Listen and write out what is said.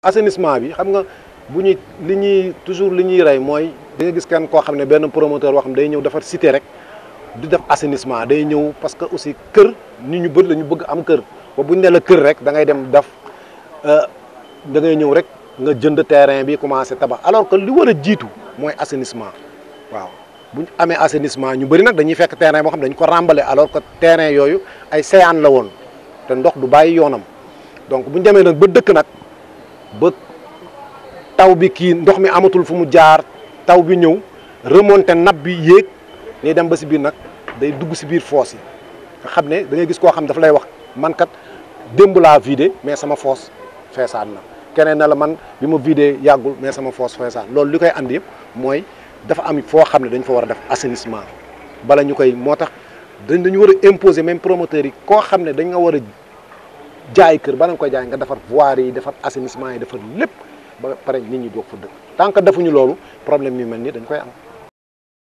assainissement bi xam nga bu ñuy li ñuy toujours li ñuy rey mooy da gis kenn koo xam ne benn promoteur wax xam day ñëw defar cité rek du def assainissement day ñëw parce que aussi kër nit ñu bëri la ñu bëgg am kër ba bu ñu ne la kër rek da ngay dem def euh, da ngay ñëw rek nga jënd terrain bi commencé tabax alors que li war a jiitu mooy assainissement waaw bu ñu amee assainissement ñu bëri nag dañuy fekk terrain boo xam dañ ko rembale alors que terrain yooyu ay séyaan la woon te ndox du bàyyi yoonam donc bu demee nag ba dëkk nag. ba taw bi kii ndox mi amatul fu mu jaar taw bi ñëw remonté nab bi yéeg day dem ba si biir nag day dugg si biir foos yi nga xam ne da gis koo xam ne dafa lay wax mankat kat démb laa vidé mais sama foos feesaan na keneen na la man bi ma vidé yàggul mais sama foos feesaan loolu li koy indi yëpp mooy dafa am foo xam ne dañ fa war a def assainissement bala ñu koy moo tax dañ dañu war a imposer même promoteur yi koo xam ne dañ nga war a jaay kër bala nga koy jaay nga defar voirie yi defar assainissement yi defar lépp ba pare nit ñi doog fa dëkk tant que defuñu loolu problème yu mel nii dañ koy am